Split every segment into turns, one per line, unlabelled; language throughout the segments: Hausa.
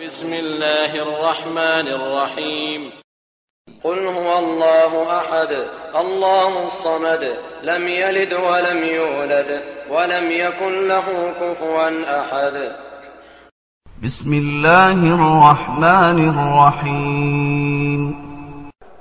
بسم الله الرحمن الرحيم قل هو الله احد الله الصمد لم يلد ولم يولد ولم يكن له كفوا احد بسم الله الرحمن الرحيم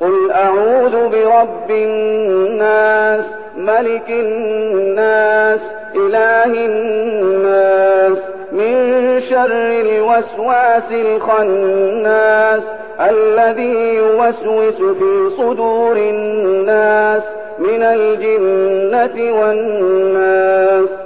قل أعوذ برب الناس ملك الناس إله الناس من شر الوسواس الخناس الذي يوسوس في صدور الناس من الجنة والناس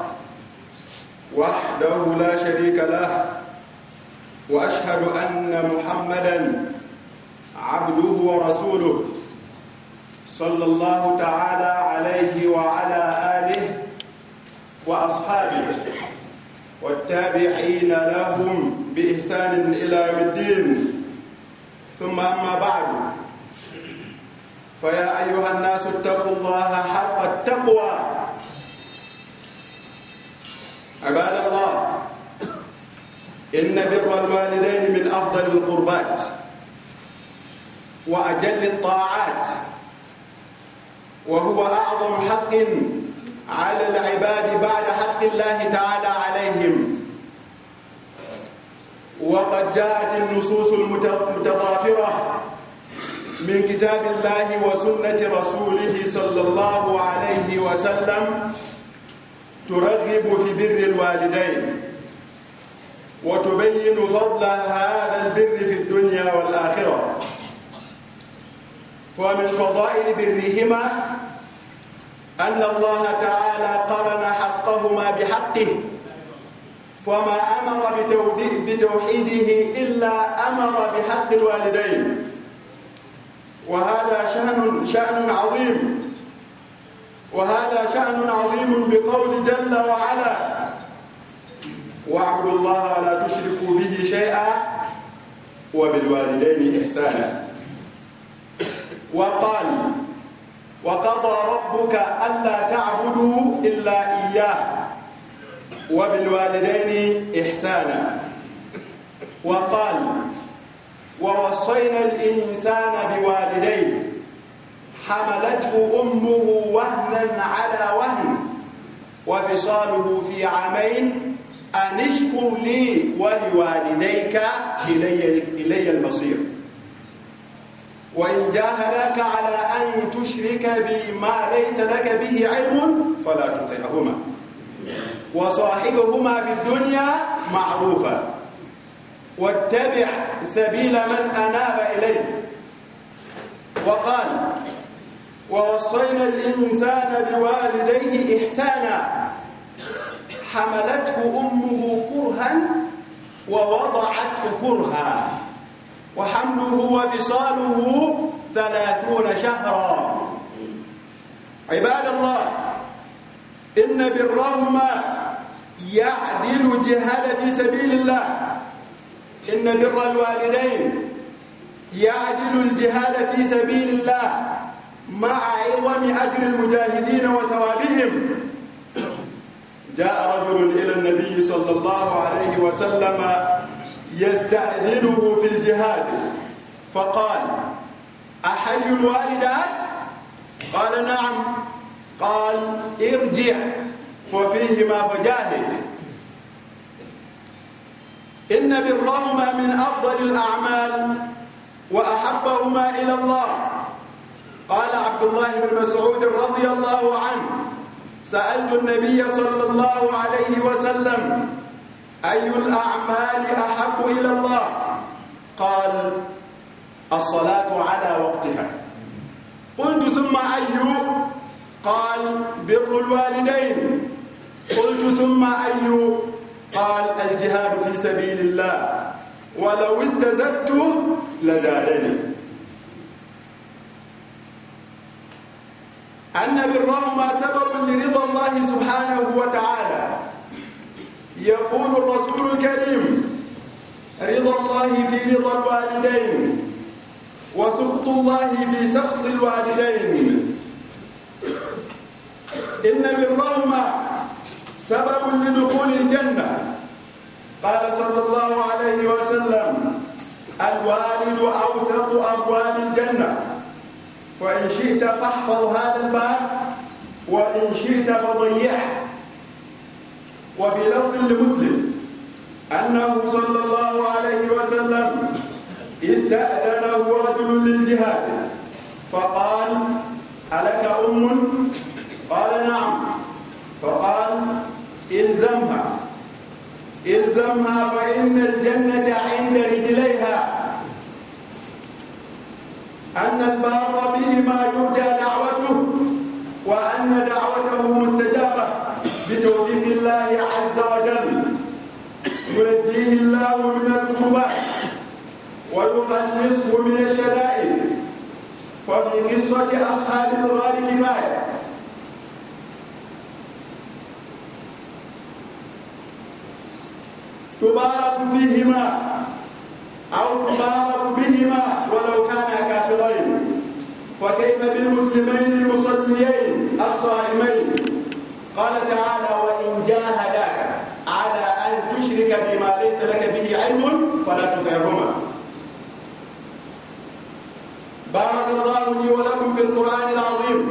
وحده لا شريك له واشهد ان محمدا عبده ورسوله صلى الله تعالى عليه وعلى اله واصحابه والتابعين لهم باحسان الى يوم الدين ثم اما بعد فيا ايها الناس اتقوا الله حق التقوى عباد الله إن بر الوالدين من أفضل القربات وأجل الطاعات وهو أعظم حق على العباد بعد حق الله تعالى عليهم وقد جاءت النصوص المتضافرة من كتاب الله وسنة رسوله صلى الله عليه وسلم ترغب في بر الوالدين وتبين فضل هذا البر في الدنيا والآخرة ومن فضائل برهما أن الله تعالى قرن حقهما بحقه فما أمر بتوحيده إلا أمر بحق الوالدين وهذا شأن شأن عظيم وهذا شأن عظيم بقول جل وعلا واعبدوا الله ولا تشركوا به شيئا وبالوالدين إحسانا وقال وقضى ربك ألا تعبدوا إلا إياه وبالوالدين إحسانا وقال ووصينا الإنسان بوالديه حملته أمه وهنا على وهن وفصاله في عامين أن اشكر لي ولوالديك إلي, إلي المصير وإن جاهداك على أن تشرك بي ما ليس لك به علم فلا تطيعهما وصاحبهما في الدنيا معروفا واتبع سبيل من أناب إليه وقال ووصينا الإنسان بوالديه إحسانا حملته أمه كرها ووضعته كرها وحمله وفصاله ثلاثون شهرا عباد الله إن برهما يعدل جهاد في سبيل الله إن بر الوالدين يعدل الجهاد في سبيل الله مع عظم أجر المجاهدين وثوابهم جاء رجل إلى النبي صلى الله عليه وسلم يستأذنه في الجهاد فقال أحي الوالدات قال نعم قال ارجع ففيهما فجاهد إن برهما من أفضل الأعمال وأحبهما إلى الله قال عبد الله بن مسعود رضي الله عنه سألت النبي صلى الله عليه وسلم أي الأعمال أحب إلى الله قال الصلاة على وقتها قلت ثم أي قال بر الوالدين قلت ثم أي قال الجهاد في سبيل الله ولو استزدت لزادني أن برهما سبب لرضا الله سبحانه وتعالى يقول الرسول الكريم رضا الله في رضا الوالدين وسخط الله في سخط الوالدين إن برهما سبب لدخول الجنة قال صلى الله عليه وسلم الوالد أوسط أبواب الجنة وإن شئت فاحفظ هذا الباب وإن شئت فضيعه وفي لفظ لمسلم أنه صلى الله عليه وسلم استأذنه رجل للجهاد فقال ألك أم؟ قال نعم فقال إلزمها إلزمها فإن الجنة عند رجليها أن البار به ما يرجى دعوته وأن دعوته مستجابة بتوفيق الله عز وجل ينجيه الله من الكربات ويخلصه من الشدائد ففي قصة أصحاب الغار كفاية تبارك فيهما أو تبارك بهما ولو كان كافرا فكيف بالمسلمين المصليين الصائمين قال تعالى وإن جاهداك على أن تشرك بما ليس لك به علم فلا تطعهما بارك الله لي ولكم في القرآن العظيم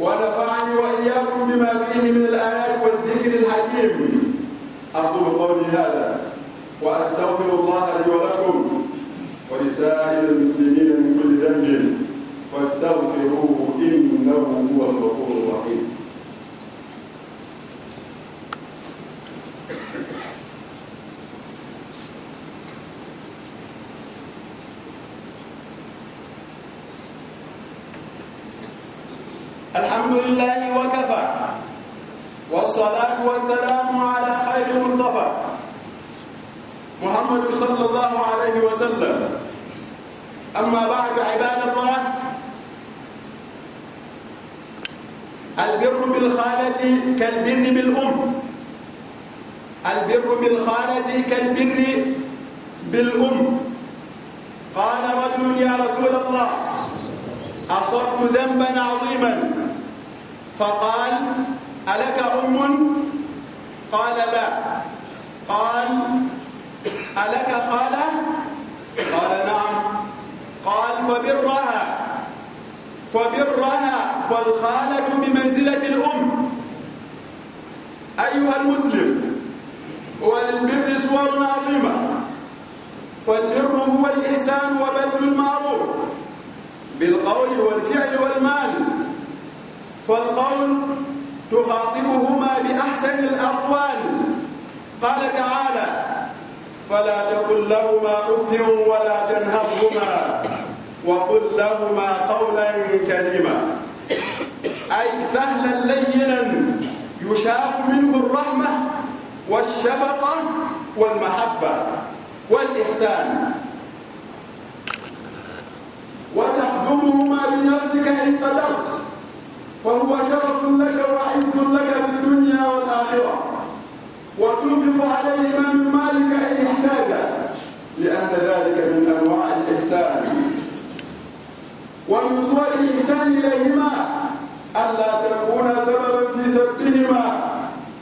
ونفعني وإياكم بما فيه من الآيات والذكر الحكيم أقول قولي هذا وأستغفر الله لي ولكم ولسائر المسلمين من كل ذنب فاستغفروه إنه هو الغفور الرحيم الحمد لله وكفى والصلاة والسلام على خير مصطفى محمد صلى الله البر بالخالة كالبر بالأم البر بالخالة كالبر بالأم قال رجل يا رسول الله أصبت ذنبا عظيما فقال ألك أم قال لا قال ألك خالة قال نعم قال فبرها فبرها فالخالة بمنزلة الأم أيها المسلم وللبر صور عظيمة فالبر هو الإحسان وبذل المعروف بالقول والفعل والمال فالقول تخاطبهما بأحسن الأقوال قال تعالى فلا تقل لهما أف ولا تنهضهما وقل لهما قولا كريما أي سهلا لينا يشاف منه الرحمة والشفقة والمحبة والإحسان وتحضره ما بنفسك إن قدرت فهو شرف لك وعز لك في الدنيا والآخرة وتنفق عليه ما من مالك إن احتاج لأن ذلك من أنواع الإحسان ومن صور الإحسان إليهما ألا تكون سببا في سبهما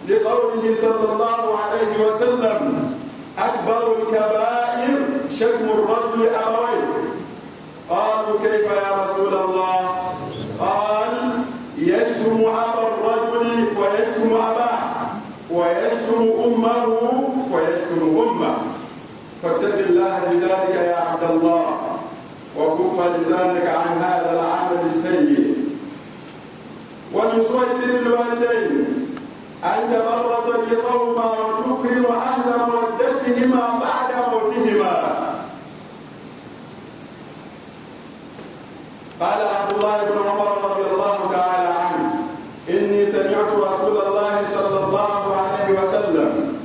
لقوله صلى الله عليه وسلم أكبر الكبائر شتم الرجل أبويه قالوا كيف يا رسول الله قال يشتم أبا الرجل ويشتم أباه ويشتم أمه ويشتم أمه فاتق الله لذلك يا عبد الله وكف لسانك عن هذا العمل السيء ونصلي للوالدين عند مرس قوما وتقر اهل مودتهما بعد موتهما قال عبد الله بن عمر رضي الله تعالى عنه اني سمعت رسول الله صلى الله عليه وسلم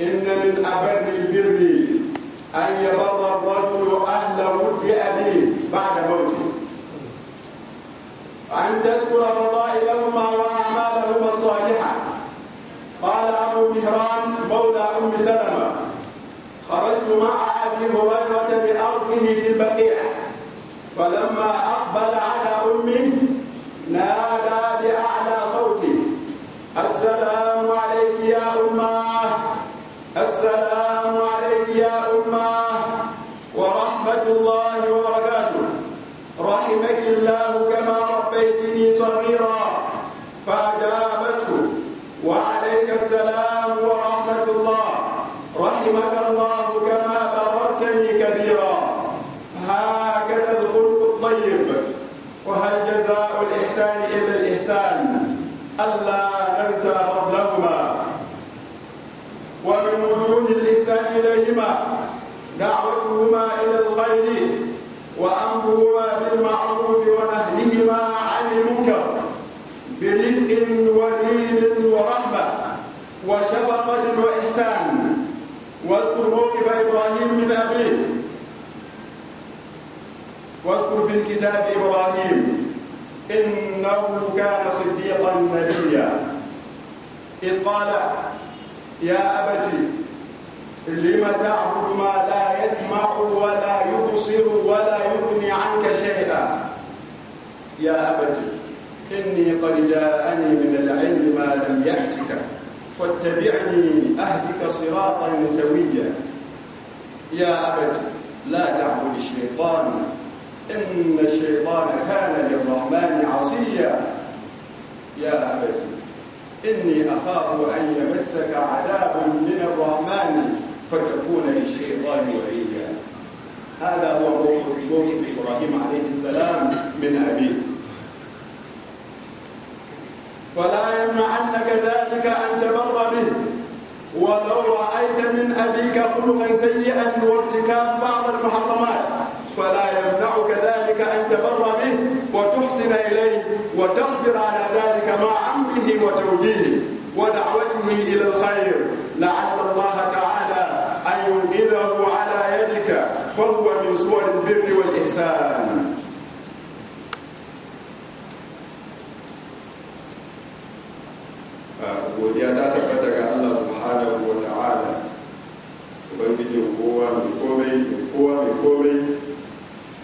ان من ابر البر ان يبر الرجل اهل ود ابيه بعد موته عند مع أبي هريرة بأرضه في البقيع فلما أقبل على أمه نادى بأعلى صوته السلام كتاب إبراهيم إنه كان صديقا نسيا إذ قال يا أبت لم تعبد ما لا يسمع ولا يبصر ولا يغني عنك شيئا يا أبت إني قد جاءني من العلم ما لم يأتك فاتبعني أهدك صراطا سويا يا أبت لا تعبد الشيطان إن الشيطان كان للرحمن عصيا يا أبت إني أخاف أن يمسك عذاب من الرحمن فتكون للشيطان وليا هذا هو موقف موقف إبراهيم عليه السلام من أبيه فلا يمنعنك ذلك أن تبر به ولو رأيت من أبيك خلقا سيئا وارتكاب بعض المحرمات فلا يمنعك ذلك أن تبر به وتحسن إليه وتصبر على ذلك مع أمره وتوجيهه ودعوته إلى الخير لعل الله تعالى أن ينقذه على يدك فهو من صور البر والإحسان godiya ta tabbata ga Allah subhanahu wa ta'ala ubangiji kowa mai komai mai kowa mai komai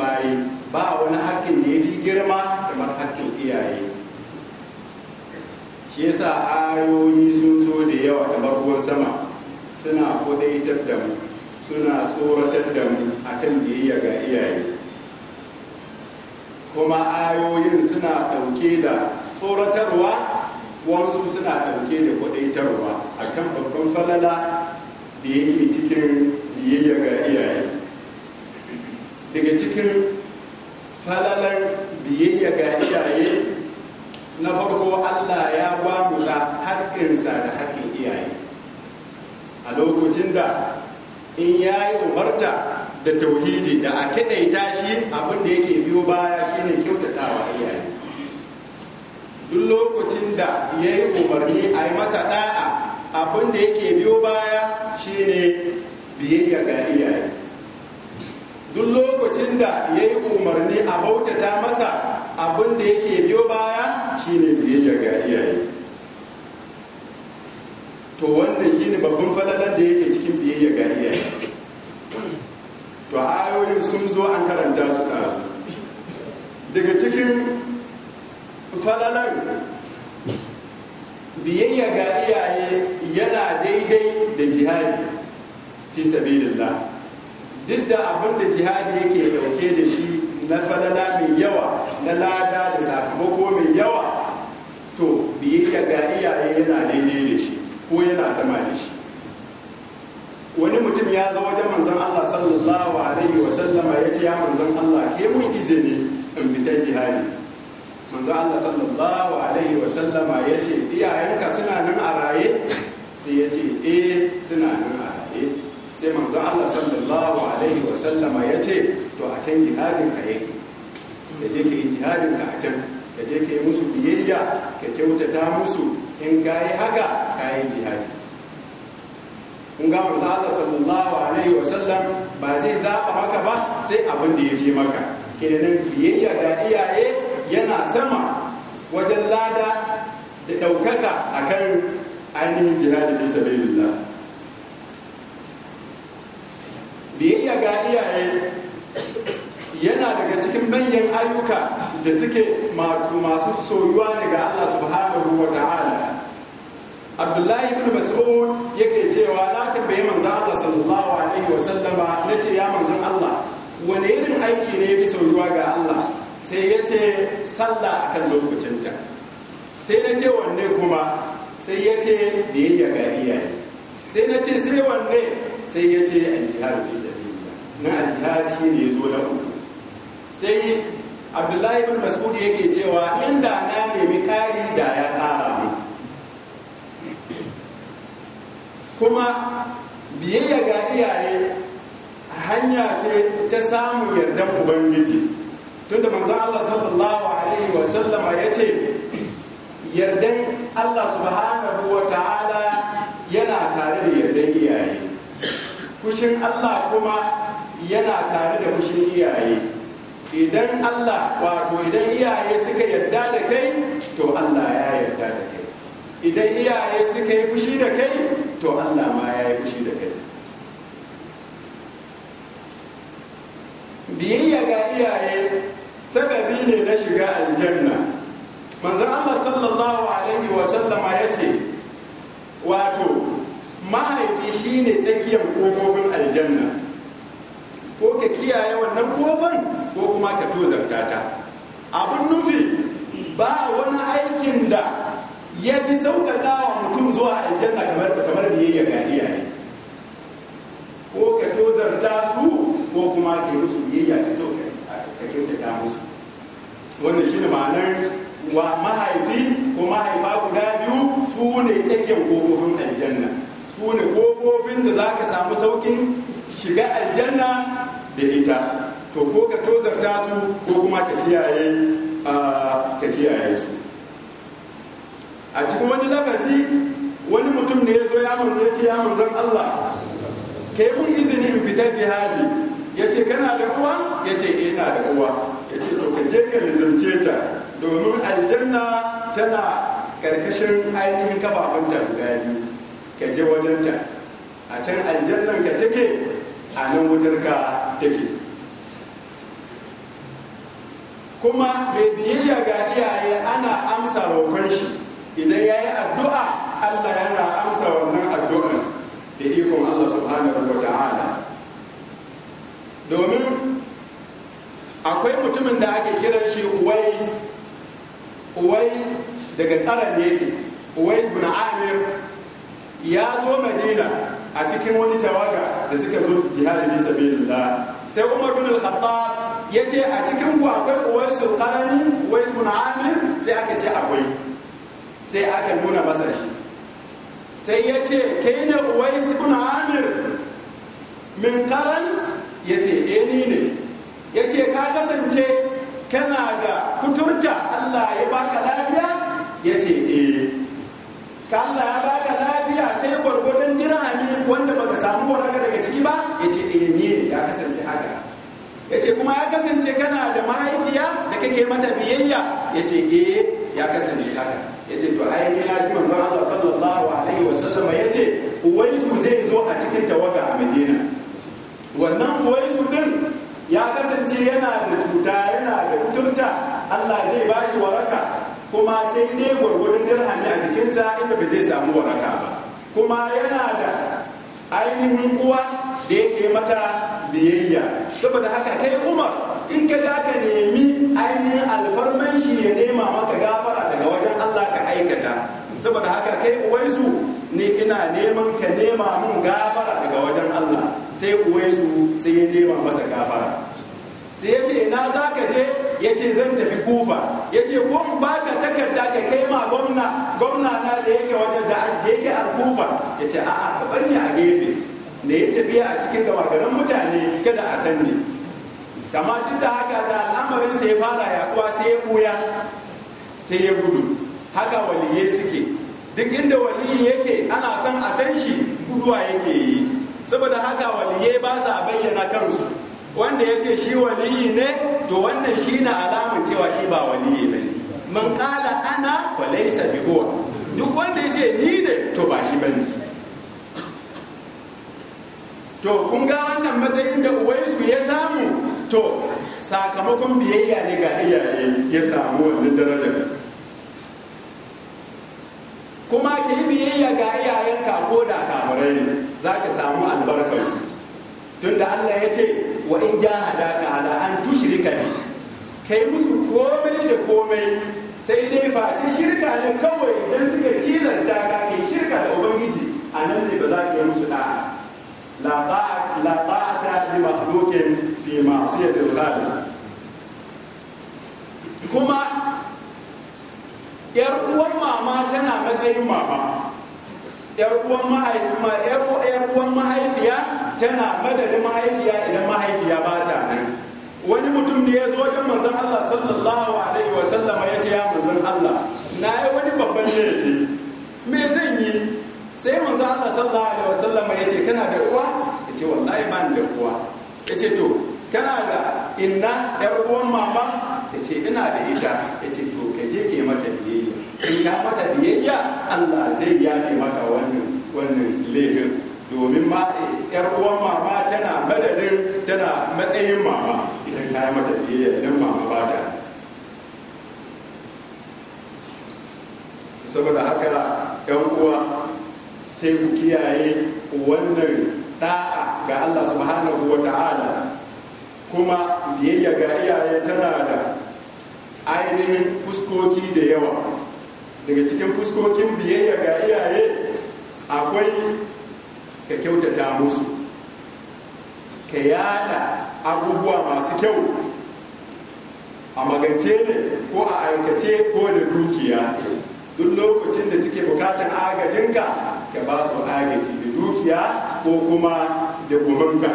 bayi ba wani hakkin da ya fi girma kamar hakkin iyaye shi yasa ayoyi sun zo da yawa kamar ruwan sama suna kudaitar da mu suna tsoratar da mu akan biyayya ga iyaye kuma ayoyin suna ɗauke da tsoratarwa wasu suna ɗauke da kudaitarwa akan babban falala da yake cikin biyayya ga iyaye daga cikin falalar biyayya ga iyaye na farko allah ya gwamuza haƙƙinsa da haƙƙin iyaye a lokacin da in ya yi umarta da tauhidi da a kiɗaita shi abin da yake biyo baya shine kyautatawa iyaye duk lokacin da ya yi umarni a yi masa ɗa'a abin da yake biyo baya shine biyayya ga iyaye duk lokacin da ya yi umarni a bautata masa abin da yake biyo baya shine biyayya ga iyaye to wannan ne babban falalan da yake cikin biyayya ga iyaye to ayoyin sun zo an karanta su ɗazu daga cikin falalan biyayya ga iyaye yana daidai da jihadi fi sabilillah duk da abin da jihadi yake dauke da shi na falala mai yawa na lada da sakamako mai yawa to biyayya ga iyaye yana daidai da shi ko yana sama da shi wani mutum ya zo wajen manzon Allah sallallahu alaihi wa sallama ya ce ya manzon Allah ke mun izini in fita jihadi manzon Allah sallallahu alaihi wa sallama ya ce iyayenka suna nan a raye sai ya ce eh suna nan a raye sai manzo Allah sallallahu alaihi wa sallama ya ce to a can jihadin ka yake ya je ka yi jihadin ka a can ya je ka yi musu biyayya ka kyautata musu in ka yi haka ka yi jihadi kun ga manzo Allah sallallahu alaihi wa sallam ba zai zaba haka ba sai abin da ya fi maka kenan biyayya da iyaye yana sama wajen lada da ɗaukaka akan ainihin jihadi fi sabilillah biyayya ga iyaye yana daga cikin manyan ayyuka da suke matu masu soyuwa daga Allah subhanahu wa ta'ala abdullahi ibn mas'ud yake cewa na tambayi manzon Allah sallallahu alaihi wa sallama nace ya manzon Allah wane irin aiki ne yafi soyuwa ga Allah sai yace sallah akan lokacinta sai nace wanne kuma sai yace biyayya ga iyaye sai nace sai wanne sai yace an fi na aljihar shi ne zo na uku sai abdullahi bin mas'ud yake cewa inda na nemi kari da ya ƙara ne kuma biyayya ga iyaye hanya ce ta samun yardan ubangiji da manzan Allah sallallahu alaihi wa sallama ya ce, yardan Allah subhanahu wa ta'ala yana tare da yardan iyaye fushin Allah kuma yana tare da fushin iyaye idan Allah wato idan iyaye suka yadda da kai to Allah ya yadda da kai idan iyaye suka yi fushi da kai to Allah ma ya yi fushi da kai biyayya ga iyaye sababi ne na shiga aljanna manzo Allah sallallahu alaihi wa sallama ce, wato mahaifi shine tsakiyar kofofin aljanna ko ka kiyaye wannan kofan ko kuma ka tozarta ta abin nufi ba wani aikin da ya fi sauƙaƙa wa mutum zuwa aljanna kamar kamar biyayya ga iyaye ko ka tozarta su ko kuma ka musu biyayya ka to ka kyautata musu wannan shine ma'anar wa mahaifi ko mahaifa guda biyu su ne tsakiyar kofofin aljanna su ne kofofin da za ka samu sauƙin shiga aljanna da ita to ko ka tozarta su ko kuma ka kiyaye ka kiyaye su a cikin wani lafazi wani mutum ne ya zo ya ya ce ya Allah ka yi mun izini in fita jihadi ya ce kana da uwa ya ce eh, ina da uwa ya ce to ka je ka nizamce ta domin aljanna tana karkashin ainihin kafafunta guda biyu ka je wajenta a can aljannan ka take a nan wutar ka take kuma mai biyayya ga iyaye ana amsa roƙon shi idan ya yi addu'a allah yana amsa wannan addu'an da ikon allah subhanahu wa ta'ala domin akwai mutumin da ake kiran shi uwais uwais daga ƙaran yake uwais bin amir ya zo madina a cikin wani tawaga da suka zo jihadi fi sabilillah sai umar bin al-khattab ya ce a cikin ku akwai uwaisu qarani uwaisu bin amir sai aka ce akwai sai aka nuna masa shi sai ya ce kai ne uwaisu bin amir min qaran ya ce eh ni ne ya ce ka kasance kana da kuturta Allah ya baka lafiya ya ce eh ka Allah ya baka kuɗin dirhami wanda baka samu waraka daga ciki ba ya ce eh ne ya kasance haka ya ce kuma ya kasance kana da mahaifiya da kake mata biyayya ya ce eh ya kasance haka ya ce to ai ne haji manzo Allah sallallahu alaihi wasallam ya ce uwaisu zai zo a cikin tawaga a Madina wannan uwaisu din ya kasance yana da cuta yana da kuturta Allah zai bashi waraka kuma sai dai gurgurin dirhami a jikinsa inda ba zai samu waraka ba kuma yana da ainihin kuwa da yake mata biyayya saboda haka kai umar in ka ka nemi ainihin alfarman shi ya nema maka gafara daga wajen allah ka aikata saboda haka kai uwaisu ne ina neman ka nema mun gafara daga wajen allah sai uwaisu sai ya nema masa gafara sai ya ce ina za ka je ya ce zan tafi kufa ya ce kun ba ka takarda ka kai ma gwamna gwamna na da yake wajen da yake a kufa ya ce a'a ka bar ni a gefe da ya tafiya a cikin garin mutane kada a san ne. kama duk da haka da al'amarin sai ya fara yaduwa sai ya buya sai ya gudu haka waliye suke duk inda waliyi yake ana san a san shi guduwa yake yi saboda haka waliye ba sa bayyana kansu wanda ya ce shi waliyi ne to wannan shi na alamun cewa shi ba waliyi ba ne man kala ana falaisa bihuwa duk wanda ya ce ni ne to ba shi ba ne to kun ga wannan matsayin da uwaisu ya samu to sakamakon biyayya ne ga iyaye ya samu wannan darajar kuma ka biyayya ga iyayenka ko da kafirai ne za ka samu albarkarsu don da Allah ya ce wa in jahadaka ala an tushrika ni kai musu komai da komai sai dai face shirka ne kawai idan suka tilasta ka kai shirka da ubangiji a nan ne ba za ka yi musu da la ta li mahdukin fi ma'siyatil khali kuma yar uwar mama tana matsayin mama yar uwan mahaifiya tana madadin mahaifiya idan mahaifiya ba ta nan wani mutum ne ya zo wajen manzon Allah sallallahu alaihi wa sallama ya ce ya manzon Allah na yi wani babban laifi me zan yi sai manzon Allah sallallahu alaihi wa sallama ya ce kana da uwa ya ce wallahi ba ni da uwa ya ce to kana da inna yar uwan mama ya ce ina da ita ya ce to ka je ke mata biyayya in ya mata biyayya Allah zai yafe maka wannan wannan laifin domin ma yar eh, uwan mama tana madadin tana matsayin mama idan ka yi mata biyayya idan mama ba ta saboda haka yan uwa sai ku kiyaye wannan da'a ga Allah subhanahu wa ta'ala kuma biyayya ga iyaye tana da ainihin fuskoki da yawa daga cikin fuskokin biyayya ga iyaye akwai ka kyautata musu ka yada abubuwa masu kyau a magance ne ko a aikace ko da dukiya duk lokacin da suke bukatar agajinka ka ba su agaji da dukiya ko kuma da gumanka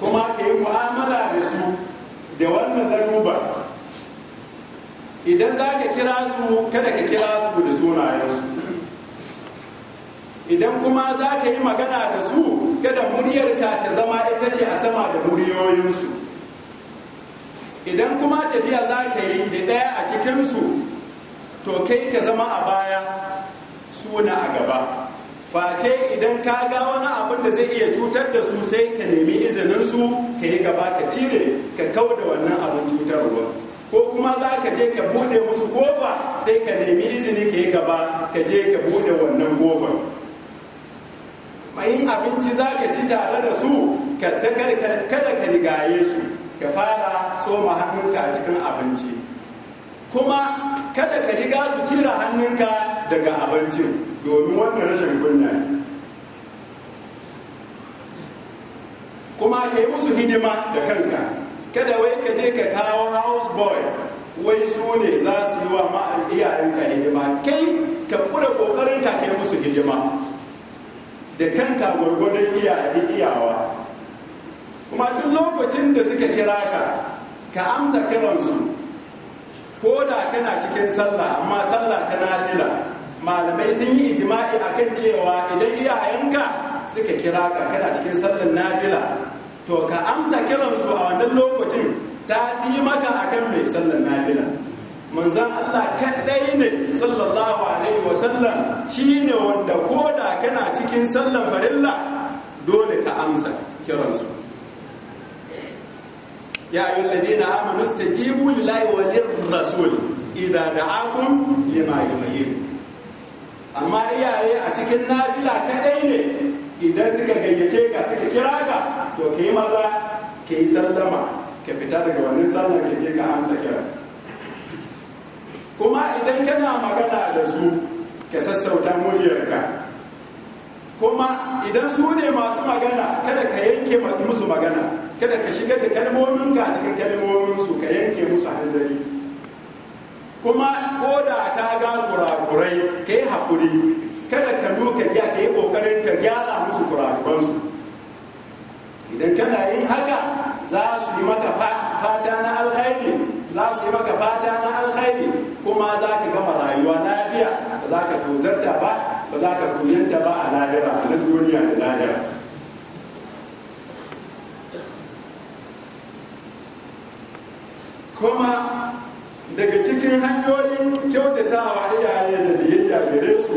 kuma ka yi mu'amala da su da wannan zaruba idan za ka kira su kada ka kira su da sunayensu idan kuma za ka yi magana da su kada muryarka ta zama ita ce a sama da muryoyinsu idan kuma tafiya za ka yi da ɗaya a cikinsu to kai ka zama a baya suna a gaba face idan ka ga wani abin da zai iya cutar da su sai ka nemi izinin su ka yi gaba ka cire ka kau da wannan abin cutarwa ko kuma za ka je ka bude musu kofa sai ka nemi izini ka yi gaba ka je ka bude wannan kofar mayin abinci za ka ci tare da su kada ka rigaye su ka fara tsoma hannunka a cikin abinci kuma kada ka riga su cire hannunka daga abincin domin wannan rashin kunya ne kuma ka yi musu hidima da kanka kada wai ka je ka kawo house boy wai su ne za su yi wa iyayenka hidima kai ka kura kokarin ka kai musu hidima da kanka gwargwadon iyaye iyawa kuma duk lokacin da suka kira ka ka amsa kiransu ko da kana cikin sallah amma sallah ta nafila malamai sun yi ijima'i kan cewa idan iyayenka suka kira ka kana cikin sallar nafila to ka amsa kiransu a wannan lokacin ta fi maka kan mai sallan nafila manzan Allah kaɗai ne sallallahu alaihi wa sallam ne wanda ko koda kana cikin sallar farilla dole ka amsa kiransu Ya na يا أيها الذين آمنوا استجيبوا لله وللرسول إذا lima yi يحييكم amma iyaye a cikin nafila kaɗai ne idan suka gayyace ka suka kira ka to ka yi maza ka yi sallama ka fita daga wannan sallar ka je ka amsa kira kuma idan kana magana da su ka sassauta muryarka kuma idan su ne masu magana kada ka yanke musu magana kada ka shigar da kalmominka a cikin kalmominsu ka yanke musu hanzari kuma ko da ka ga kurakurai ka yi haƙuri kada ka duka ya ka yi ƙoƙarin ka gyara musu kurakuransu idan kana yin haka za su yi maka fata na alkhairi za su yi maka fata na alkhairi kuma za ka gama rayuwa lafiya ba za ka tozarta ba ba za ka kuyanta ba a lahira a nan duniya da lahira kuma daga cikin hanyoyin kyautatawa iyaye da biyayya gare su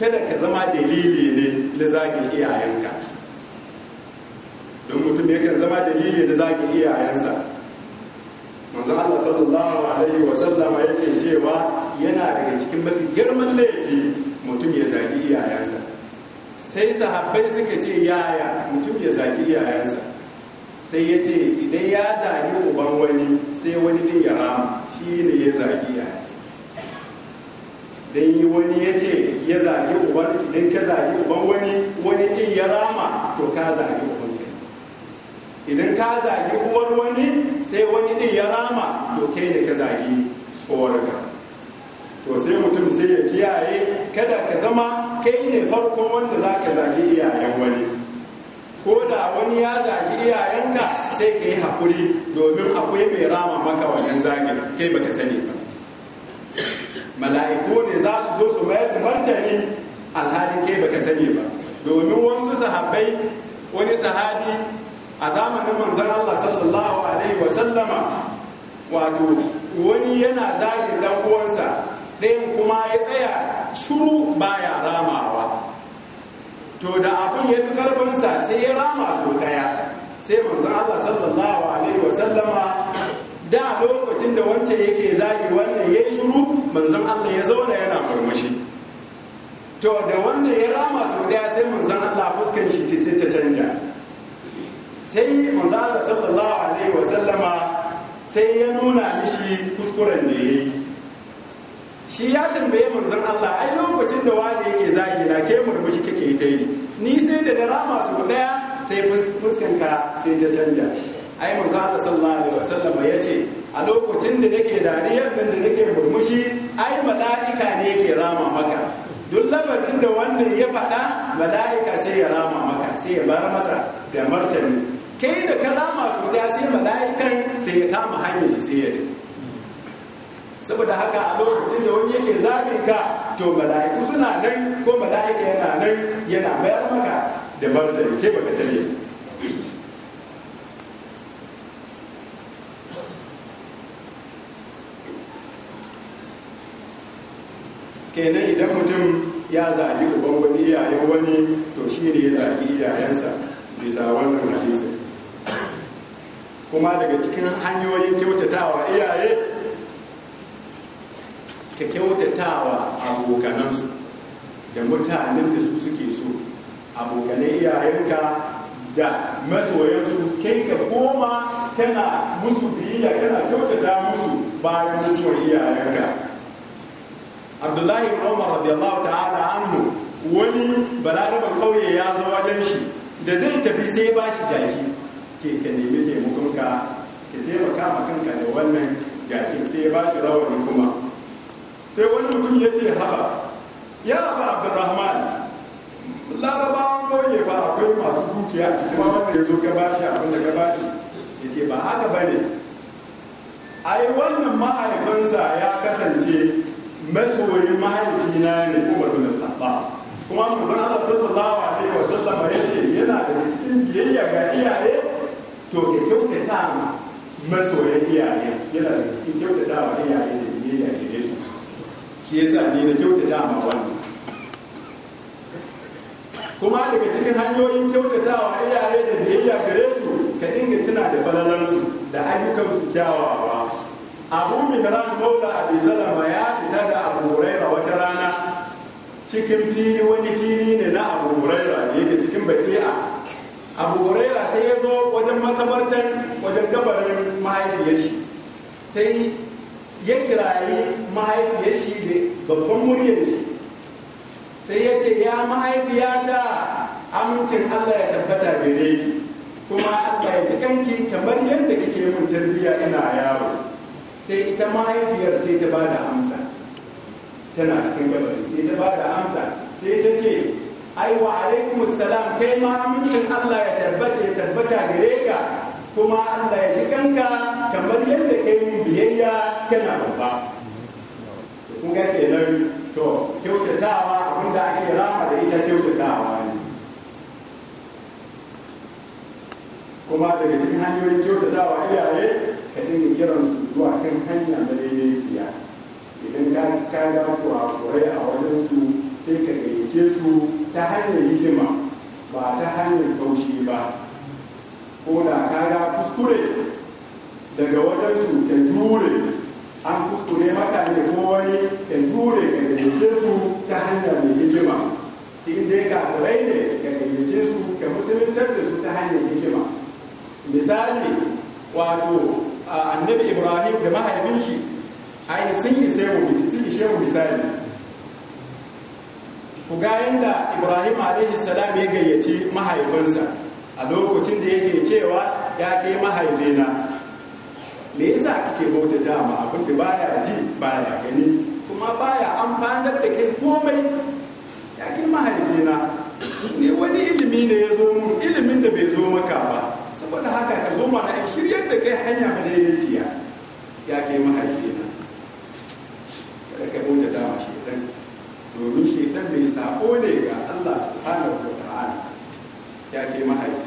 kada ka zama dalili ne na zagin iyayenka don mutum yakan zama dalili na zagin iyayensa manzo Allah sallallahu alaihi wa sallama yake cewa yana daga cikin mafi girman laifi mutum ya zagi iyayensa sai sahabbai suka ce yaya mutum ya zagi iyayensa sai ya ce idan ya zagi uban wani sai wani din ya rama shi ne ya zagi yayansa dan yi wani ya ce ya zagi uban idan ka zagi uban wani wani din ya rama to ka zagi uban kai idan ka zagi uban wani sai wani din ya rama to kai ne ka zagi ka to sai mutum sai ya kiyaye kada ka zama kai ne farko wanda za ka zagi iyayen wani ko da wani ya zagi iyayenka sai ka yi haƙuri domin akwai mai rama maka wannan zagin kai baka sani ba mala'iku ne za su zo su mayar da martani alhalin kai baka sani ba domin wasu sahabbai wani sahabi a zamanin manzon Allah sallallahu alaihi wa sallama wato wani yana zagin dan uwansa ɗayan kuma ya tsaya shuru baya ramawa to da abin ya fi karfinsa sai ya rama sau daya sai manzon Allah sallallahu alaihi wa sallama da lokacin da wancan yake zagi wannan yi shiru manzon Allah ya zauna yana murmushi to da wannan ya rama sau daya sai manzon Allah fuskan shi sai ta canja sai manzon Allah sallallahu alaihi wa sallama sai ya nuna mishi kuskuren da yayi shi ya tambaye manzon Allah ai lokacin da wani yake zagi na ke murmushi kake ta yi ni sai da dara masu daya sai fuskanka sai ta canja ai manzon Allah sallallahu alaihi wasallam ya ce a lokacin da nake dariyar nan da nake murmushi ai mala'ika ne ke rama maka duk lafazin da wannan ya faɗa mala'ika sai ya rama maka sai ya bar masa da martani kai da ka rama su daya sai mala'ikan sai ya kama hanyar sai ya tafi saboda haka a lokacin da wani yake zagin ka to mala'iku suna nan ko mala'ika yana nan yana mayar maka da martani ke baka sani kenan idan mutum ya zaɓi ubangwani, iyaye wani to shi ne ya zaɓi iyayensa bisa wannan hadisin kuma daga cikin hanyoyin kyautatawa iyaye ta kyautatawa abokanansu da mutanen da su suke so abokanai iyayenka da masoyansu kai ka koma tana musu biyayya tana kyautata musu bayan mutuwar iyayenka abdullahi umar radiyallahu ta'ala hannu wani balarabar kauye ya zo wajen shi da zai tafi sai ba shi jaki ce ka nemi taimakonka ka taimaka ma kanka da wannan jakin sai ya ba shi rawani kuma sai wani mutum ya ce haba ya ba abdurrahman larabawan kauye ba akwai masu dukiya cikin wanda ya zo gabashi abin da gabashi ya ce ba haka ba ne ai wannan mahaifinsa ya kasance masoyin mahaifina ne kuma da tabba kuma manzon Allah sallallahu alaihi wa sallam ya ce yana da cikin biyayya ga iyaye to ke kyautata masoyan iyaye yana da cikin kyautata wa iyaye da biyayya ga su shi yasa ne na kyautata dama wannan kuma daga cikin hanyoyin kyautatawa iyaye da biyayya gare su ka dinga tuna da falalansu da ayyukansu kyawawa abu mihran maula abi salama ya fita da abu huraira wata rana cikin fili wani fili ne na abu huraira da yake cikin baki'a abu huraira sai ya zo wajen makamartan wajen gabarin mahaifiyar sai ya kirayi mahaifiyar shi da babban muryar shi sai ya ce ya mahaifiya ta? amincin Allah ya tabbata gare ki kuma Allah ya ji kanki kamar yadda kike mun tarbiyya ina yaro sai ita mahaifiyar sai ta ba da amsa tana cikin gabari sai ta ba da amsa sai ta ce ai wa alaikum salam kai ma amincin Allah ya tabbata ya tabbata gare ka kuma Allah ya ji kanka kamar yadda kai yi biyayya kana babba kun ga nan to kyautatawa abinda ake rama da ita kyautatawa ne kuma daga cikin hanyoyin kyautatawa iyaye ka dinga kiransu zuwa kan hanya madaidaiciya idan ka kada kurakurai a wajen su sai ka gayyace su ta hanyar hikima ba ta hanyar kaushi ba ko da ka kuskure daga wajensu ka jure an kuskure maka ne ko wani ka jure ka gajeje su ta hanya mai hikima in dai ka kurai ne ka gajeje su ka musuluntar da su ta hanyar hikima misali wato a annabi ibrahim da mahaifin shi ai sun yi sai mu sun yi shehu misali ku ga yanda ibrahim alaihi salam ya gayyaci mahaifinsa a lokacin da yake cewa ya ke mahaifina me yasa kake bauta dama abin da baya ji baya gani kuma baya amfanar da kai komai ya ke mahaifina ne wani ilimi ne ya zo mun ilimin da bai zo maka ba saboda haka ka zo mana in shiryar da kai hanya ba madaidaiciya ya ke mahaifina kada ka bautata ma shedan domin shedan mai sako ne ga Allah subhanahu wa ta'ala ya ke mahaifina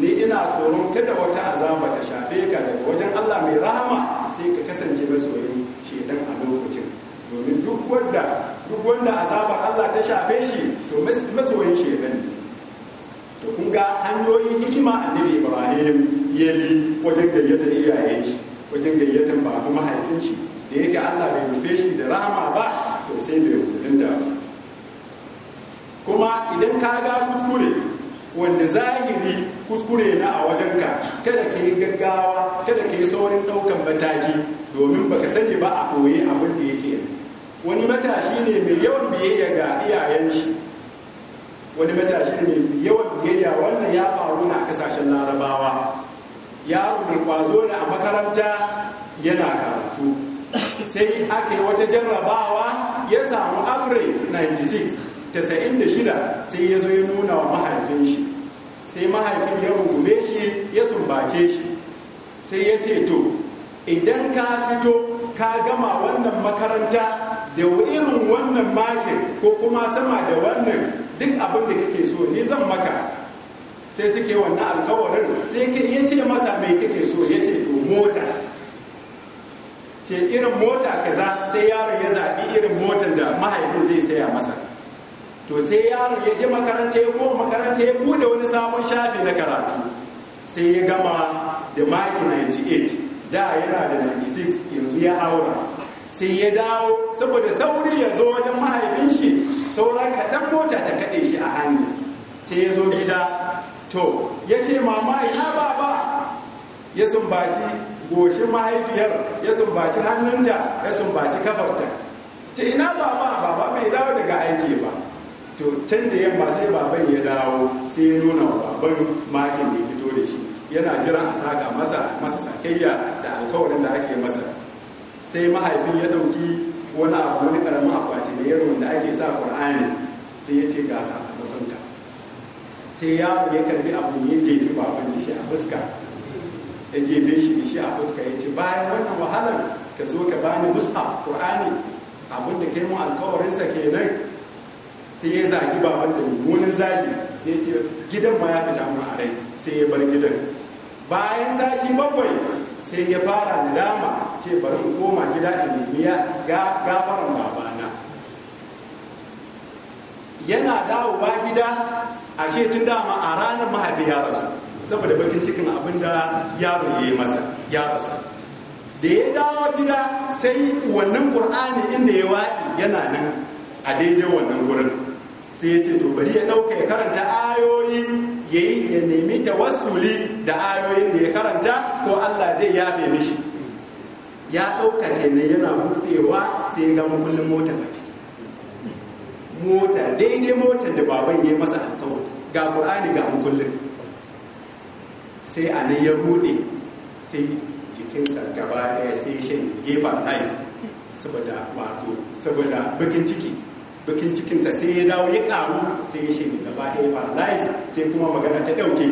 ni ina tsoron kada wata azaba ta shafe ka daga wajen Allah mai rahama sai ka kasance masoyi dan a lokacin domin duk wanda duk wanda azabar Allah ta shafe shi to masoyin shi ne to kun ga hanyoyin hikima annabi Ibrahim ya wajen gayyatar iyaye shi wajen gayyatar babu mahaifin shi da yake Allah bai rufe shi da rahama ba to sai bai musulunta ba kuma idan ka ga kuskure wanda zahiri kuskure na a wajenka kada ka yi gaggawa kada ka yi saurin ɗaukan mataki domin baka sani ba a ɓoye abin da yake wani matashi ne mai yawan biyayya ga iyayen shi wani matashi ne mai yawan biyayya wannan ya faru ne a kasashen larabawa yaro da kwazo ne a makaranta yana karatu sai aka yi wata jarrabawa ya samu average 96 96 sai ya zo ya nuna wa mahaifin shi sai mahaifin ya rungume shi ya sumbace shi sai ya ce to idan ka fito ka gama wannan makaranta da irin wannan makin ko kuma sama da wannan duk abin da kake so ne zan maka sai suke wannan alkawarin sai ya ce masa mai kake so ya ce to mota ce irin mota kaza sai yaron ya zaɓi irin motar da mahaifin zai saya masa to sai yaro ya je makaranta ya koma makaranta ya bude wani sabon shafi na karatu sai ya gama da maki 98 da yana da 96 yanzu ya aura sai ya dawo saboda sauri ya zo wajen mahaifin shi saura kaɗan mota ta kaɗe shi a hannu. sai ya zo gida to ya ce mama ina baba ya sumbaci goshin mahaifiyar ya sumbaci hannunta ya sumbaci kafarta ce ina baba baba bai dawo daga aiki ba to can da yamma sai baban ya dawo sai ya nuna wa baban makin da ya fito da shi yana jiran a saka masa masa sakayya da alkawarin da ake masa sai mahaifin ya dauki wani abu wani karamin akwati da yaro da ake sa qur'ani sai ya ce ga sakamakonka sai ya ya karbi abu ya jefi baban da shi a fuska ya jefe shi da shi a fuska ya ce bayan wannan wahalar ka zo ka bani mushaf qur'ani abinda kai mu alkawarinsa kenan sai ya zagi baban da mummunan zagi sai ya ce gidan ma ya fita mu a rai sai ya bar gidan bayan sati bakwai sai ya fara nadama ce bari in koma gida in nemi ga gafaran babana yana dawo dawowa gida ashe tun dama a ranar mahaifi ya rasu saboda bakin cikin abin da ya yi masa ya rasu da ya dawo gida sai wannan qur'ani inda ya waɗi yana nan a daidai wannan gurin sai ya ce to bari ya ɗauka ya karanta ayoyi ya yi ya nemi ta wasuli da ayoyin da ya karanta ko Allah zai yafe mishi ya ɗauka kenan yana buɗewa sai ya ga mukullin mota ba ciki mota daidai motar da baban ya yi masa alkawari ga ƙur'ani ga mukullin sai a nan ya ruɗe sai cikinsa gaba ɗaya sai shan gefen ice saboda wato saboda bakin ciki bakin cikinsa sai ya dawo ya karu sai ya shege gaba ɗaya paralyze sai kuma magana ta ɗauke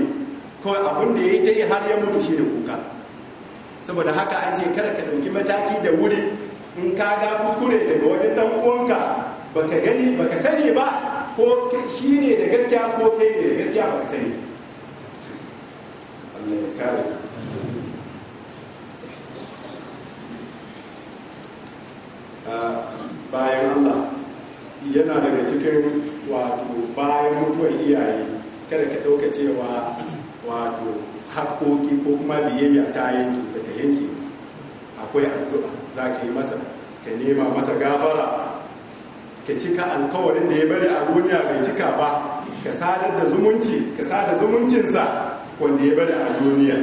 kawai abin da ya yi ta yi har ya mutu shi da kuka saboda haka an ce kada ka ɗauki mataki da wuri in ka ga kuskure daga wajen ɗan uwanka baka gani baka sani ba ko shi ne da gaskiya ko kai ne da gaskiya baka sani ah, bayan Allah yana daga cikin wato bayan mutuwar iyaye kada ka ɗauka cewa wato haƙoƙi ko kuma biyayya ta yanki ba ta yanki akwai addu'a za ka yi masa ka nema masa gafara ka cika alkawarin da ya bari a duniya bai cika ba ka sadar da zumunci ka sada zumuncinsa wanda ya bari a duniya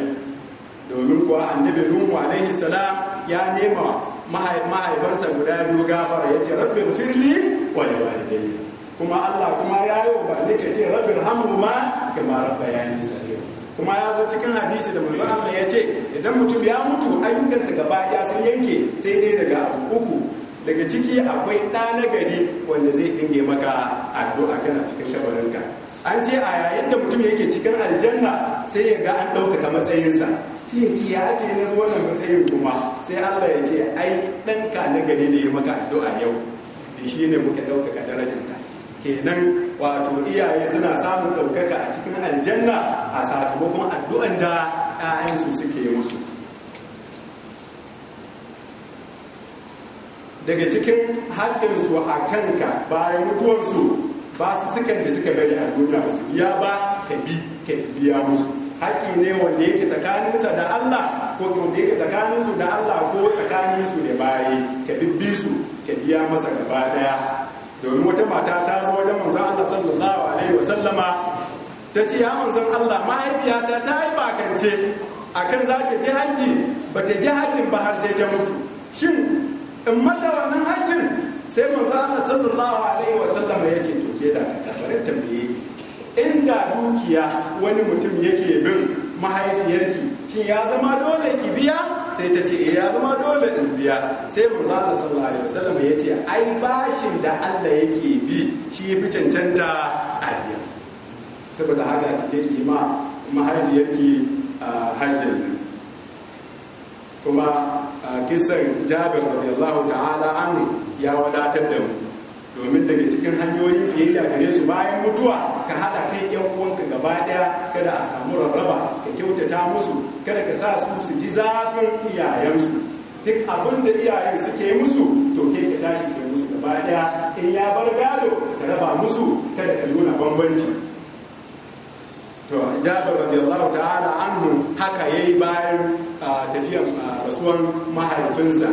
domin kuwa annabi nuhu alaihi salam ya nema mahaifansa guda biyu gafara ya ce rabbin firli wani wani dai' kuma Allah kuma ya yi wa ka ce rabbin ma, kama rabba ya yi kuma ya zo cikin hadisi da musu Allah ya ce idan mutum ya mutu ayyukansa gaba ya sun yanke sai dai daga abu uku daga ciki akwai ɗa na wanda zai dinge maka addu'a kana cikin kabarinka an ce a yayin da mutum yake cikin aljanna sai ya ga an ɗaukaka matsayinsa sai ya ce ya ake na wannan matsayin kuma sai allah ya ce ai ɗanka na gari ne maka addu'a yau da shi ne muka ɗaukaka darajarka kenan wato iyaye suna samun ɗaukaka a cikin aljanna a sakamakon addu'an da 'ya'yansu suke musu daga cikin haƙƙinsu a kanka bayan mutuwarsu ba su suke da suka bari a duniya ba biya ba ka bi ka biya musu haƙƙi ne wanda yake tsakaninsa da Allah ko wanda yake tsakaninsu da Allah ko tsakaninsu da baye ka bibbi su ka biya masa gaba daya domin wata mata ta zo wajen manzo Allah sallallahu alaihi wasallama ta ce ya manzo Allah mahaifiyata ta yi bakance akan za ta je haji ba ta je hajin ba har sai ta mutu shin in mata wannan hajjin sai manzo Allah sallallahu alaihi wasallam ya ce tuke da bari tambaye ki inda dukiya wani mutum yake bin mahaifiyarki shin ya zama dole ki biya sai ta ce eh, ya zama dole in biya sai manzo Allah sallallahu alaihi wasallam ya ce ai bashin da Allah yake bi shi fi cancanta a biya saboda haka kike ki ma mahaifiyarki ah, hajjin nan kuma a kisan jabir radiyallahu ta'ala anhu ya wadatar da mu domin daga cikin hanyoyin biyayya gare su bayan mutuwa ka hada kai yan uwanka gaba daya kada a samu rarraba ka kyautata musu kada ka sa su su ji zafin iyayensu duk abin da iyayen suke musu to ke ka tashi ke musu gaba daya in ya bar gado ka raba musu kada ka nuna bambanci to jabar radiyallahu ta'ala anhu haka yayi bayan tafiyar rasuwan mahaifinsa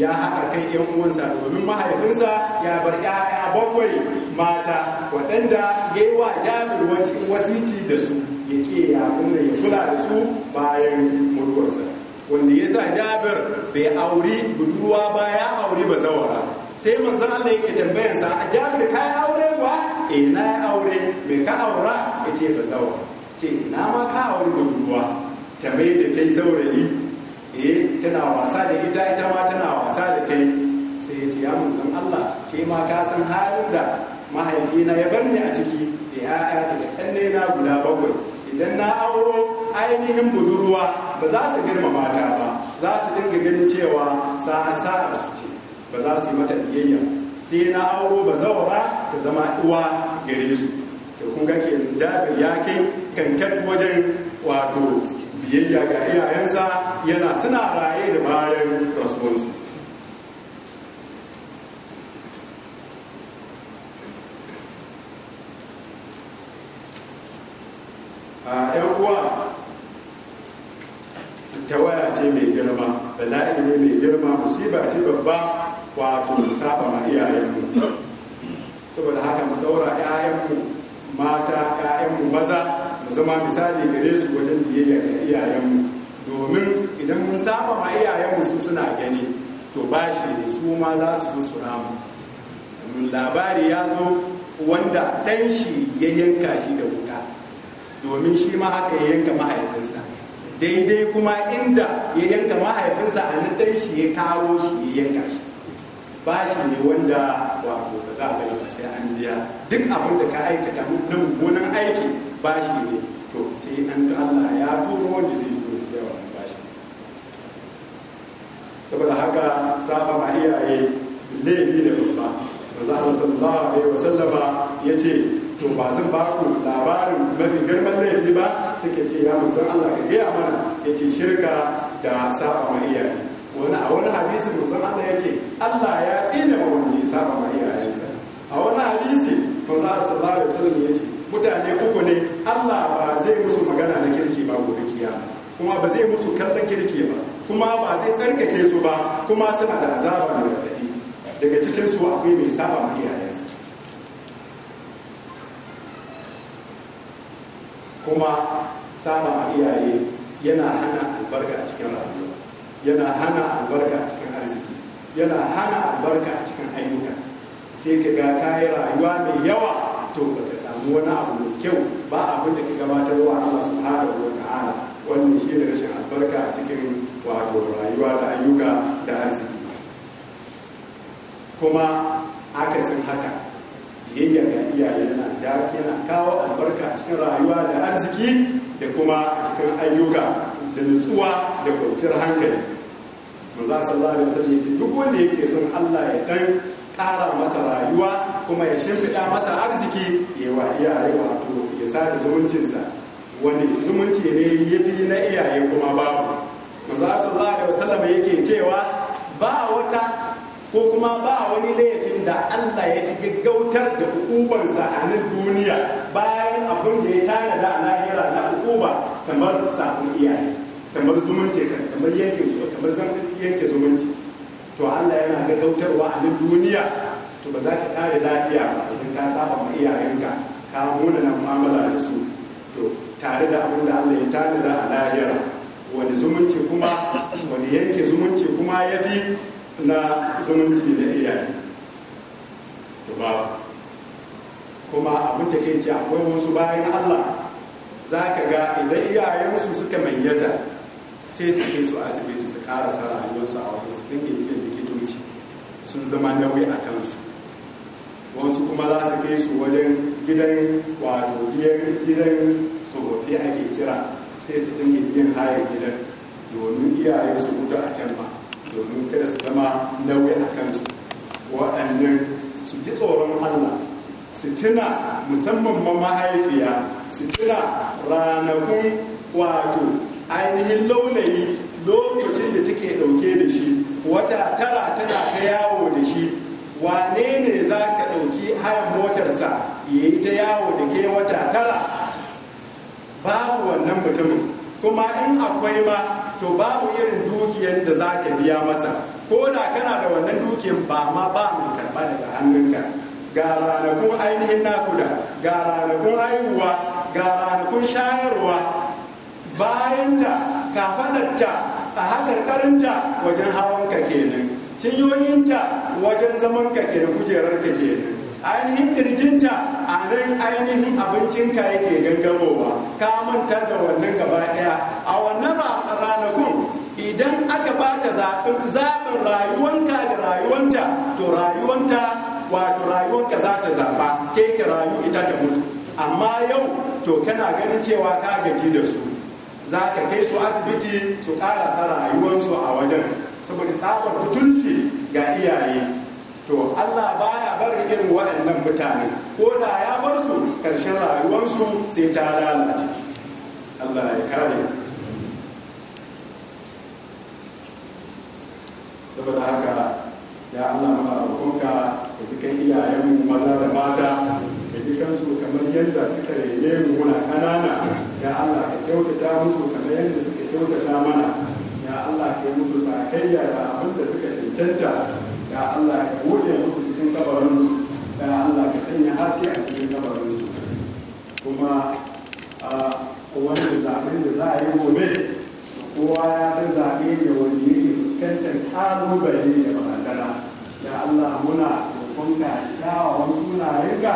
ya haɗa kai yan uwansa domin mahaifinsa ya bar 'ya'ya bakwai mata waɗanda ya yi wa jabir wasici da su ya ke ya kuma ya kula da su bayan mutuwarsa wanda ya sa jabir bai auri budurwa ba ya auri ba zaura, sai manzon Allah yake tambayansa a jabir ka aure ba? eh na aure me ka aura Ya ce ba zaura. ce na ma ka auri budurwa ta mai da kai saurayi eh tana wasa da ita ita ma tana wasa da kai sai ya ce ya Allah ke ma ka san halin da mahaifina ya bar ni a ciki da ya'ya da ne na guda bakwai idan na auro ainihin budurwa ba za su girma mata ba za su dinga ganin cewa sa'a sa'a su ce ba za su yi mata biyayya sai na auro ba zaura ta zama uwa gare su to kun ga yanzu jabir ya ke kankat wajen wato biyayya ga iyayensa yana suna raye da bayan rasuwarsu a yan uwa tawaya ce mai girma bala'i ne mai girma musiba ce babba wato saba ma iyayenmu saboda haka mu daura 'ya'yanmu mata ƴaƴanmu maza mu zama misali gare su wajen biyayya ga iyayenmu domin idan mun saba ma iyayenmu su suna gani to bashi ne su ma za su zo su ramu domin labari ya zo wanda ɗan shi ya yanka shi da wuta domin shi ma haka ya yanka mahaifinsa daidai kuma inda ya yanka mahaifinsa a nan ɗan shi ya kawo shi ya yanka shi bashi ne wanda wato ba za a bari ba sai an biya duk abin da ka aikata na gonan aiki bashi ne to sai an ta Allah ya turo wanda zai zo da yawa bashi saboda haka saba ma iyaye laifi da babba manzo Allah sallallahu ba ya ce to ba zan ba ku labarin mafi girman laifi ba suke ce ya Allah ka gaya mana ya ce shirka da saba ma iyaye wani a wani hadisi manzon Allah ya ce Allah ya tsine ma wani nisa saba mai iyayensa a wani hadisi manzon Allah sallallahu alaihi wasallam ya ce mutane uku ne Allah ba zai musu magana na kirki ba gobe kiyama kuma ba zai musu kallon kirki ba kuma ba zai tsarkake su ba kuma suna da azaba mai raɗaɗi daga cikin su akwai mai saba mai iyayensa kuma saba iyaye yana hana albarka a cikin rayuwa yana hana albarka a cikin arziki yana hana albarka a cikin ayyuka sai ka ga kayi rayuwa mai yawa to ba ka samu wani abu mai kyau ba abin da ka gabatar wa Allah subhanahu wa ta'ala wannan shi ne rashin albarka a cikin wato rayuwa da ayyuka da arziki kuma akasin haka biyayya ga iyaye yana yana kawo albarka a cikin rayuwa da arziki da kuma a cikin ayyuka da nutsuwa da kwanciyar hankali maza sallallahu alaihi wasallam ce duk wanda yake son Allah ya ɗan ƙara masa rayuwa kuma ya shimfiɗa masa arziki wa iyaye wato ya sada zumuncinsa wani zumunci ne ya fi na iyaye kuma babu maza sallallahu alaihi wasallam yake cewa ba wata ko kuma ba wani laifin da Allah ya fi gaggautar da hukubansa a nan duniya bayan abin da ya tana da a lahira na hukuba kamar sabon iyaye kamar zumunci kan kamar yanke su kamar zan yanke zumunci to Allah yana ga gautarwa a nan duniya to ba za ka kare lafiya ba idan ka saba ma iyayenka ka mona nan mu'amala da su to tare da abin da Allah ya tada a lahira wani zumunci kuma wani yanke zumunci kuma ya fi na zumunci da iyaye to ba kuma abin da ke ce akwai wasu bayan Allah za ka ga idan iyayensu suka manyata sai su kai su asibiti su kara sa rayuwarsu a wajen su dangin likitoci sun zama nauyi a kansu wasu kuma za su kai su wajen gidan wato gidan tsofaffi ake kira sai su dangin yin hayan gidan domin iyaye su mutu a can ba domin kada su zama nauyi a kansu waɗannan su ji tsoron allah su tuna musamman ma mahaifiya su tuna ranakun wato ainihin launayi lokacin da take ɗauke da shi wata tara tana ta yawo da shi wane ne za ka ɗauki hayan motarsa ya yi ta yawo da ke wata tara babu wannan mutumin kuma in akwai ma to babu irin dukiyar da za ka biya masa ko da kana da wannan dukiyar ba ma ba mai karba daga hannunka ga ranakun ainihin nakuda ga ranakun haihuwa ga ranakun shayarwa bayanta kafadarta a hakarkarinta wajen hawanka kenan cinyoyinta wajen zamanka kenan kujerarka kenan ainihin kirjinta a nan ainihin abincinka yake gangamowa ka manta da wannan gaba daya a wannan ranakun idan aka baka zaɓin zaɓin rayuwanka da rayuwanta to rayuwanta wato rayuwanka za ta zaɓa ke rayu ita ta mutu amma yau to kana ganin cewa ka gaji da su za ka kai su asibiti su karasa rayuwarsu a wajen saboda tsabar mutunci ga iyaye to allah baya barin irin waɗannan mutane ko da ya bar su ƙarshen rayuwarsu sai ta lalace allah ya kare saboda haka ya Allah mana abokanka da dukan iyayenmu maza da mata da dukansu kamar yadda suka rene mu muna ƙanana ya Allah ka kyautata musu kamar yadda suka kyautata mana ya Allah ka yi musu sakayya da abin da suka cancanta ya Allah ka buɗe musu cikin kabarin ya Allah ka sanya haske a cikin kabarin kuma a wani zaɓen da za a yi gobe kowa ya san zaɓe ne wanda yake fuskantar kalubale da barazana ya Allah muna roƙonka kyawawan sunayenka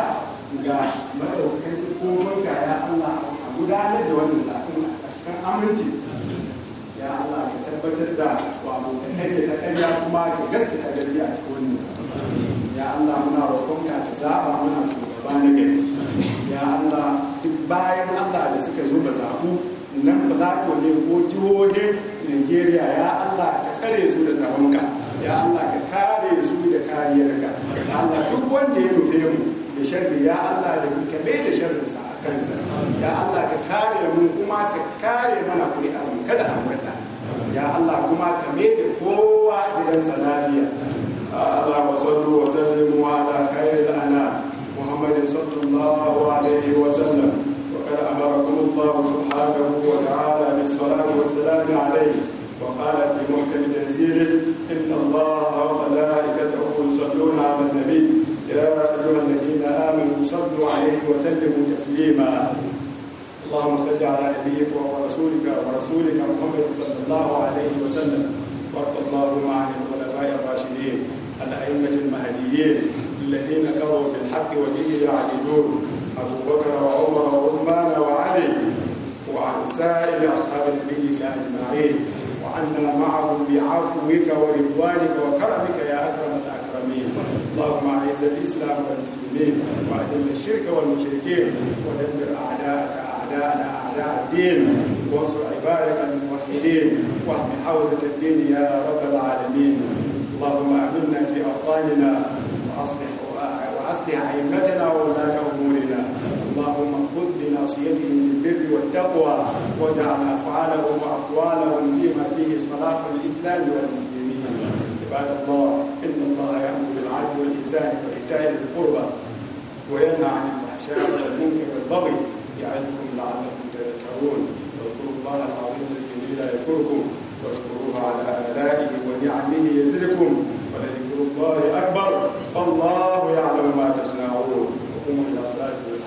ga maɗaukai su kuma ya Allah gudanar da wannan zafin a cikin aminci ya Allah ka tabbatar da wato ka kage ta kanya kuma ka gaskata gaskiya a cikin wannan zafin ya Allah muna roƙon ka zaba muna shugaba na gari ya Allah duk bayan Allah da suka zo ba zaɓu nan ba za ka wane ko jihohin Najeriya ya Allah ka tsare su da tsaronka ya Allah ka kare su da kariyarka ya Allah duk wanda ya rufe mu da sharri ya Allah da kuka bai da sharrinsa kansa ya Allah ka kare mu kuma ka kare mana ƙuri'an kada a gwada ya Allah kuma ka mai kowa gidansa lafiya Allah wa sallu wa sallimu ala khairil ana Muhammadin sallallahu alaihi wa sallam وقد أمركم الله سبحانه وتعالى بالصلاة والسلام عليه وقال في محكم تنزيله إن الله وملائكته يصلون على النبي يا ايها الذين امنوا صلوا عليه وسلموا تسليما اللهم صل على نبيك ورسولك ورسولك محمد صلى الله عليه وسلم وارض اللهم عن الخلفاء الراشدين الائمه المهديين الذين كفروا بالحق ودينه يعدلون ابو بكر وعمر وعثمان وعلي وعن سائر اصحاب نبيك اجمعين وعنا معهم بعفوك ورضوانك وكرمك يا اكرم اللهم اعز الاسلام والمسلمين واذل الشرك والمشركين ودمر اعداءك اعداءنا اعداء الدين وانصر عبادك الموحدين واحم حوزه الدين يا رب العالمين اللهم امنا في اوطاننا واصلح واصلح ائمتنا وولاه امورنا اللهم خذ بناصيتهم للبر والتقوى واجعل افعالهم واقوالهم فيما فيه صلاح الاسلام والمسلمين عباد الله إن الله يأمر بالعدل والإحسان وإيتاء القربى وينهى عن الفحشاء والمنكر والبغي يعظكم لعلكم تذكرون واذكروا الله العظيم الجليل يذكركم واشكروه على آلائه ونعمه يزدكم ولذكر الله أكبر فالله يعلم ما تصنعون وقوموا إلى صلاه